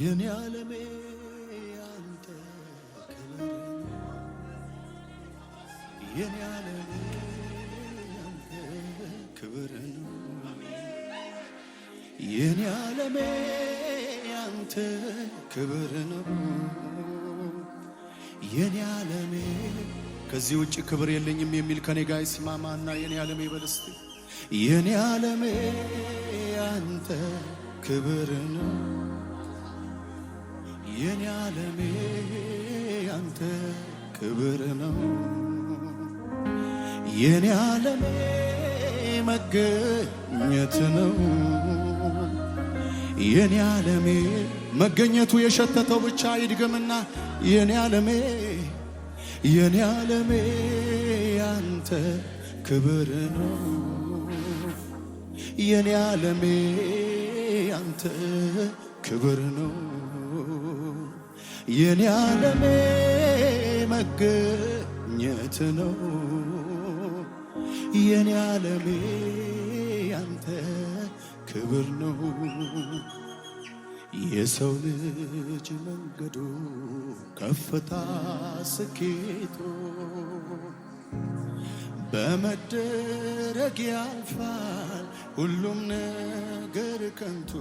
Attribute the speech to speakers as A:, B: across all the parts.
A: የኔ ዓለሜ ያንተ ክብር የኔ ዓለሜ ያንተ ክብር ነው የኔ ዓለሜ ያንተ ክብር ነው የኔ ዓለሜ
B: ከዚህ ውጭ ክብር የለኝም የሚል ከኔ ጋር ይስማማና የኔ ዓለሜ በልስቲ
A: የኔ ዓለሜ ያንተ ክብር ነው የኔ ዓለሜ ያንተ ክብር ነው የኔ ዓለሜ መገኘት ነው የኔ ዓለሜ
B: መገኘቱ የሸተተው ብቻ ይድገምና
A: የኔ ዓለሜ የኔ ዓለሜ ያንተ ክብር ነው የኔ ዓለሜ ያንተ ክብር ነው የኔ ዓለሜ መገኘት ነው የኔ ዓለሜ ያንተ ክብር ነው። የሰው ልጅ መንገዱ ከፍታ ስኬቱ በመደረግ ያልፋል ሁሉም ነገር ከንቱ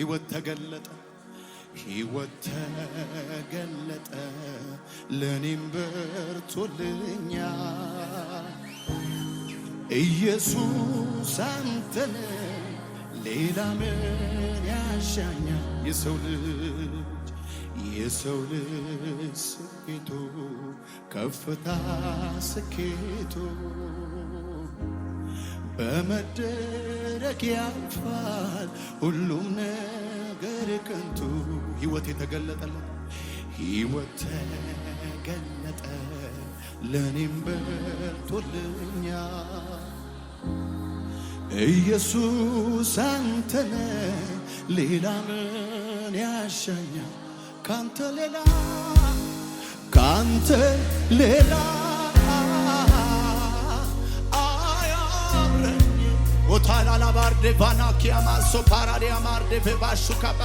B: ሕይወት ተገለጠ
A: ሕይወት ተገለጠ ለኔም በርቶልኛ ኢየሱስ አንተን ሌላ ምን ያሻኛል? የሰው ልጅ የሰው ልጅ ስኬቱ ከፍታ ስኬቱ በመደረግ ያልፋል ሁሉም ነው። ፍቅር ቅንቱ
B: ሕይወት የተገለጠለት
A: ሕይወት ተገለጠ ለእኔም በርቶልኛ ኢየሱስ አንተነ ሌላ ምን ያሻኛ ካንተ ሌላ ካንተ ሌላ
B: ፓራላ ባርዴ ቫናኪያ ማሶ ፓራዲያ ማርዴ ፌባሹ ካባ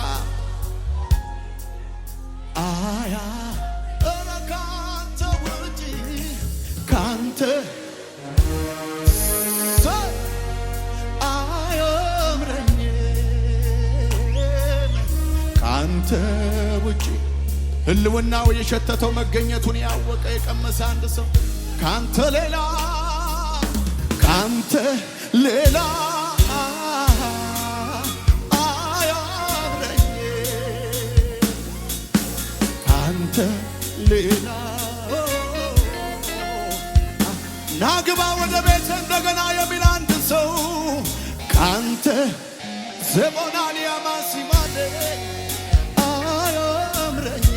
A: አያ ካንተ ውጪ ካንተ አያምረኝ ካንተ ውጪ
B: ህልውናው የሸተተው መገኘቱን ያወቀ የቀመሰ አንድ ሰው
A: ካንተ ሌላ ካንተ ሌላ ሌላ
B: ናግባ ወደ ቤት እንደገና የሚል አንድ ሰው
A: ካንተ ዘቦናሊያ ማሲማደ አያምረኝ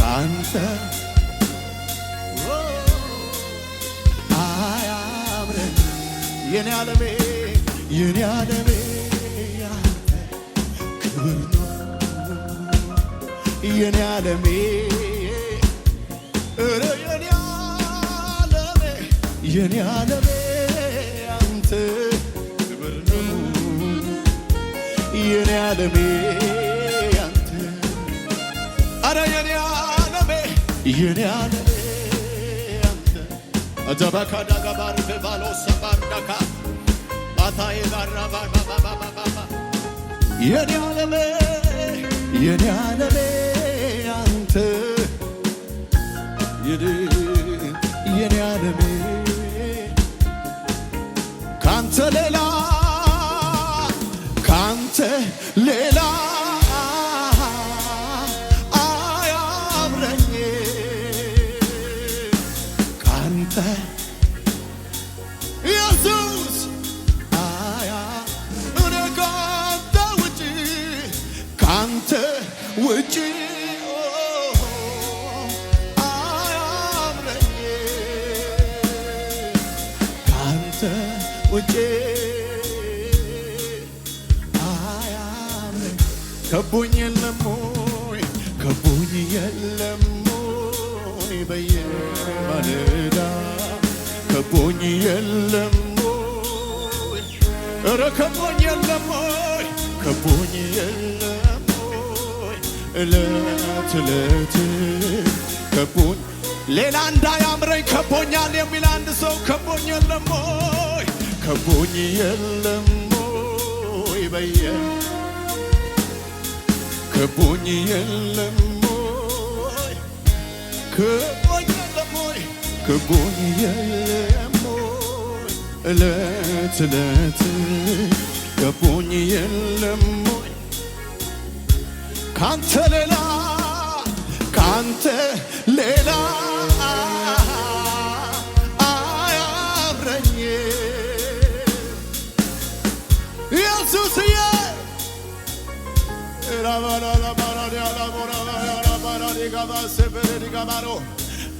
A: ካንተ አያምረኝ የኔ አለሜ የኔ አለሜ የኔ ዓለሜ የኔ ዓለሜ የኔ ዓለሜ አንተ ክብር ነው የኔ ዓለሜ አንተ አረ የኔ ዓለሜ የኔ ዓለሜ አንተ
B: አጃባካ ዳጋባር በባሎ ሰባር ዳካ ባታዬ ባራ
A: የኔ ዓለሜ የኔ ዓለሜ መንገድ የኔ ዓለሜ ካንተ ሌላ ካንተ ሌላ ካንተ ውጭ አያምን ከቦኝ የለም ወይ ከቦኝ የለም ወይ በየማለዳ ከቦኝ የለም ወይ ኧረ ከቦኝ የለም ወይ ከቦኝ የለም ወይ እለት እለት ከቦኝ
B: ሌላ እንዳያምረኝ ከቦኝ
A: ከቦኝ የለም ወይ በየ ከቦኝ የለም ወይ ከቦኝ የለም ወይ ከቦኝ የለም ወይ እለት እለት ከቦኝ የለም ወይ ካንተ ሌላ ካንተ ሌላ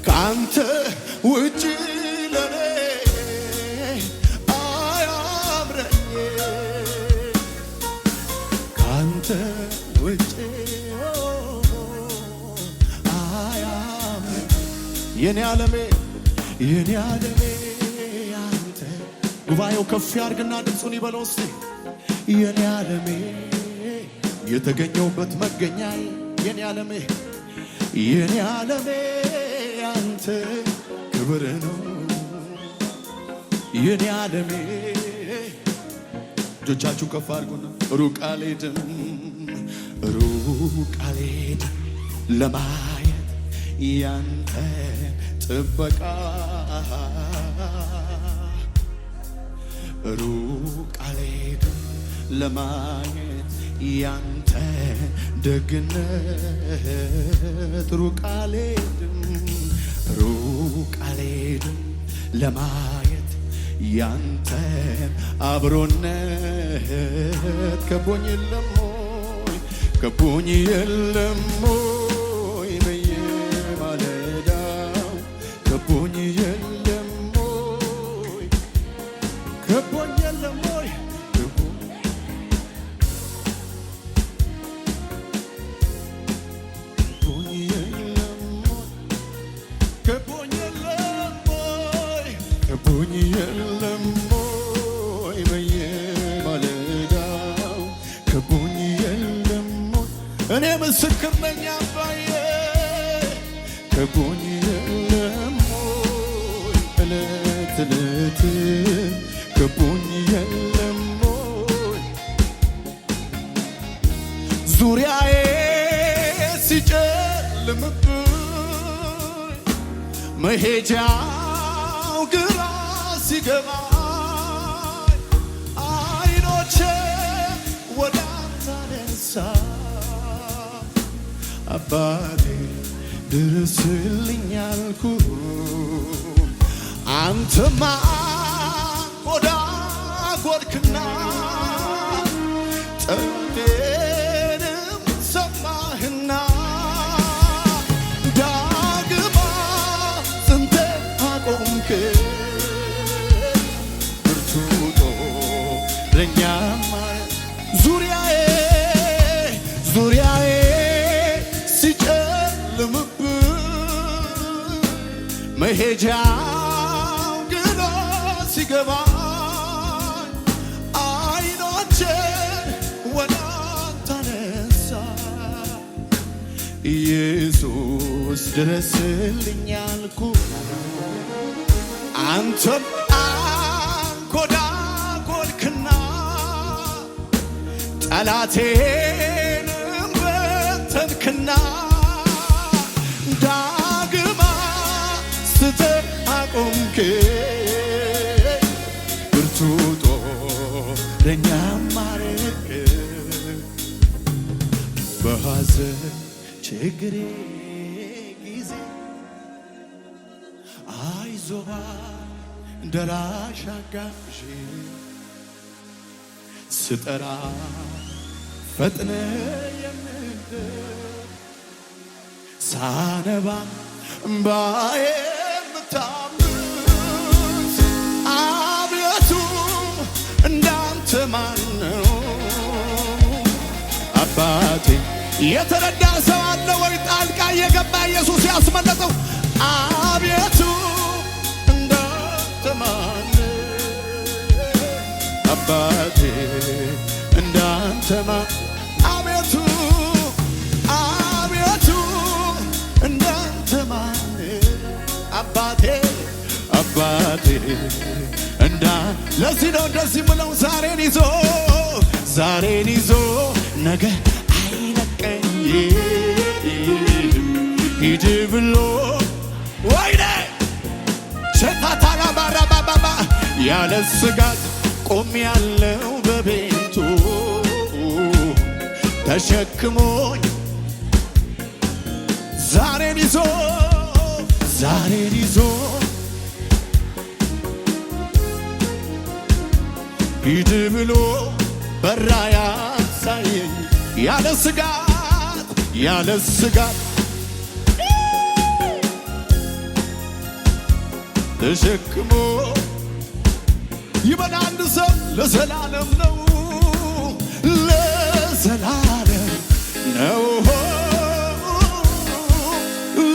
A: ከአንተ ውጭ ለኔ አያምረኝ፣ ከአንተ ውጭ አያምረኝ። የኔ ዓለሜ የኔ ዓለሜ አንተ።
B: ጉባኤው ከፍ ያርግና ድምፁን ይበለው እስቲ።
A: የኔ ዓለሜ የተገኘውበት መገኛዬ የኔ ዓለሜ የኔ ዓለሜ ያንተ ክብር ነው የኔ ዓለሜ። እጆቻችሁን ከፍ አድርጉና ሩቅ አልሄድም ሩቅ አልሄድም ለማየት ያንተ ጥበቃ ሩቅ አልሄድም ለማየት ያንተ ያንተ ደግነት ሩቅ አልሄድም ሩቅ አልሄድም ለማየት ያንተ አብሮነት ከቦኝ የለም ሆይ ከቦኝ የለም ሆይ በየማለዳው ከቦኝ የለም ሆይ ከቦኝ የለም ዙሪያዬ ሲጨልምብኝ መሄጃው ግራ ሲገባኝ አይኖቼ ወደ አንተ ነሳ አባቴ ድረስልኝ አንተማ ቆዳ ተጎድክና ጥሜንም ሰማህና ዳግማ ጽንቴ አቆምክ ብርቱ ጦረኛ ዙሪያዬ ዙሪያዬ ሲጨልምብ መሄጃ ወደ አንተ ነሳ ኢየሱስ ድረስልኝ አልኩ አንተም አንጎዳጎድክና ጠላቴንም በተንክና ዳግማ ስተ አቆምክ ብርቱ ጦረኛም ችግሬ ጊዜ አይዞባ እንደላሽ አጋዥ ስጠራ ፈጥነ የምንድር ሳነባ እምባዬ የምታብስ አብየቱ እንዳንተ ማን ነው አባቴ
B: የተረዳ ሰው አለ ወይ? ጣልቃ የገባ ኢየሱስ ያስመለጠው
A: አቤቱ እንዳንተማን አባቴ እንዳንተማ አቤቱ አቤቱ እንዳንተማን አባቴ አባቴ እንዳ ለዚህ ነው እንደዚህ ምለው ዛሬን ይዞ ዛሬን ይዞ ነገ ድብሎ ወይኔ ሸታታራባራባባባ ያለ ስጋት ቆም ያለው በቤቱ ተሸክሞኝ ዛሬን ይዞ ዛሬን ይዞ ሂድ ብሎ በራ ያሳየኝ ያለ ስጋት ያለ ስጋት ተሸክሞ ይበላ አንድ ሰው ለዘላለም ነው ለዘላለም ነው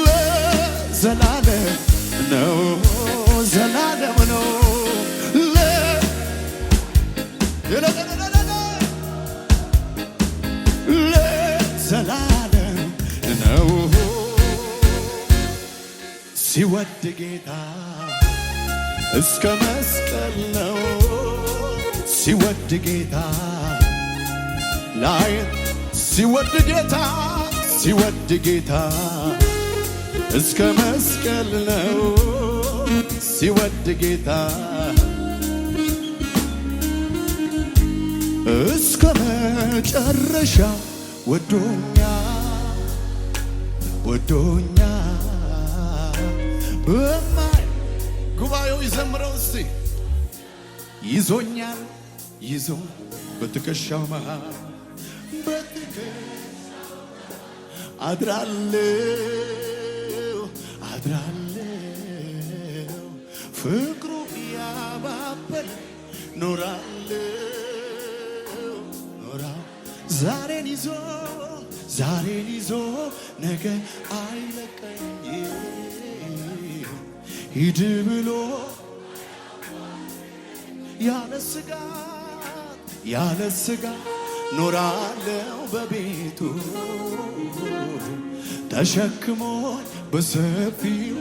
A: ለዘላለም ነው ዘላለም ነው ለዘላለም ነው ሲወድ ጌታ እስከ መስቀል ነው ሲወድ ጌታ ላይ ሲወድ ጌታ ሲወድ ጌታ እስከ መስቀል ነው ሲወድ ጌታ እስከ መጨረሻ ወዶኛ ወዶኛ ጉባኤው ይዘምረው እስቲ። ይዞኛል ይዞ በትከሻው መሃል አድራለው አድራለው ፍቅሩ ያባበል ኖራለው ኖራ ዛሬን ይዞ ዛሬን ይዞ ነገ አይለቀኝ ሂድ ብሎ ያለ ያለ ስጋ ኖራለው በቤቱ ተሸክሞ በሰፊው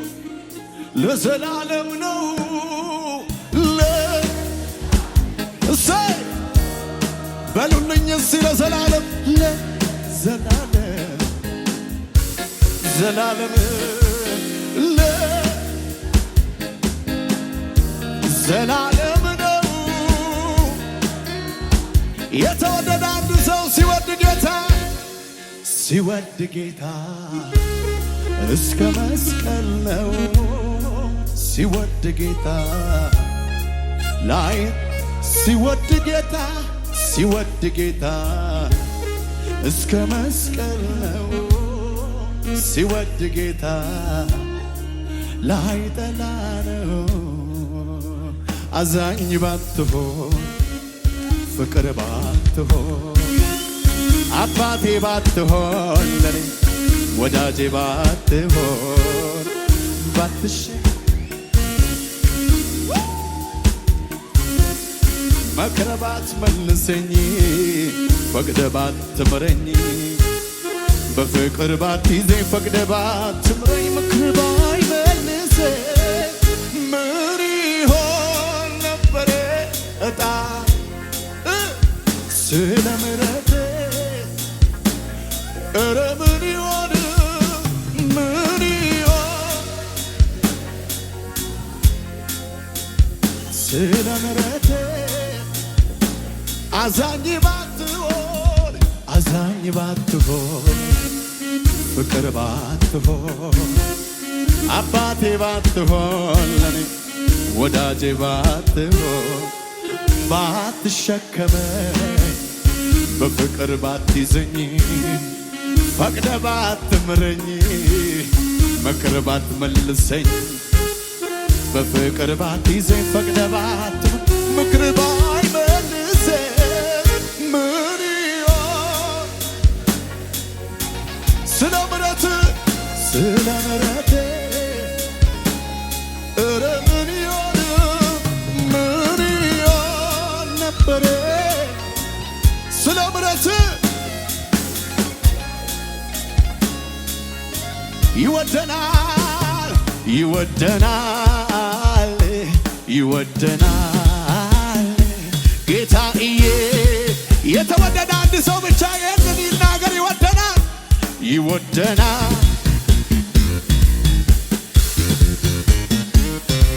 A: ለዘላለም ነው በሉልኝ ለዘላለም ለዘላለም ዘላለም ዘላለም ነው። የተወደደ አንድ ሰው ሲወድ ጌታ ሲወድ ጌታ እስከ መስቀል ነው። ሲወድ ጌታ ላይ ሲወድ ጌታ ሲወድ ጌታ እስከ መስቀል ነው። ሲወድ ጌታ ላይ ጠላ ነው አዛኝ ባትሆን ፍቅር ባትሆን አባቴ ባትሆን ለኔ ወዳጄ ባትሆን ባትሽ መክረባት መልሰኝ ፈቅደባት ትምረኝ በፍቅር ባትይዘኝ ፈቅደባት ትምረኝ ምክርባይ ባትሆን ለኔ ወዳጄ ባትሆን ባትሸከመኝ በፍቅር ባትይዘኝ ፈቅደ ባትምረኝ መክር ባትመልሰኝ በፍቅር ባትይዘኝ ፈቅደ ባት ምክር ባይመልሰኝ ምን ስለ ምረት ስለ ምረት ይወደናል ይወደናል ይወደናል ጌታዬ የተወደደ አንድ ሰው ብቻ ይህንን ይናገር ይወደናል ይወደናል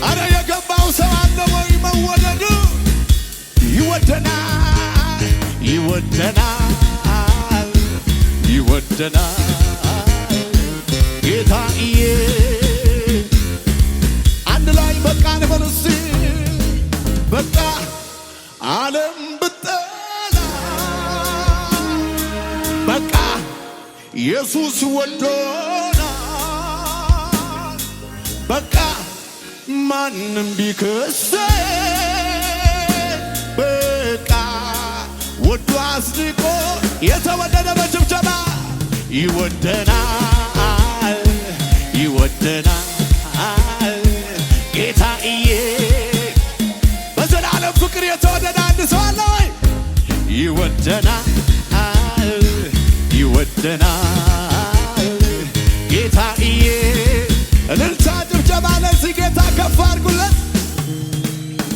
A: አረ የገባው ሰው አለ ወይ መወደዱ ይወደናል ይወደናል ይወደናል ኢየሱስ ወዶናል። በቃ ማንም ቢክስ በቃ ወዶ አስድቆ የተወደደ በጭብጨባ ይወደናል ይወደናል ጌታዬ በዘላለም ፍቅር የተወደደ አንድ ሰው አለ ወይ? ይወደናል ደናል ጌታዬ እልልታ ጭብጨባ ለዚህ ጌታ ከፍ አድርጉለት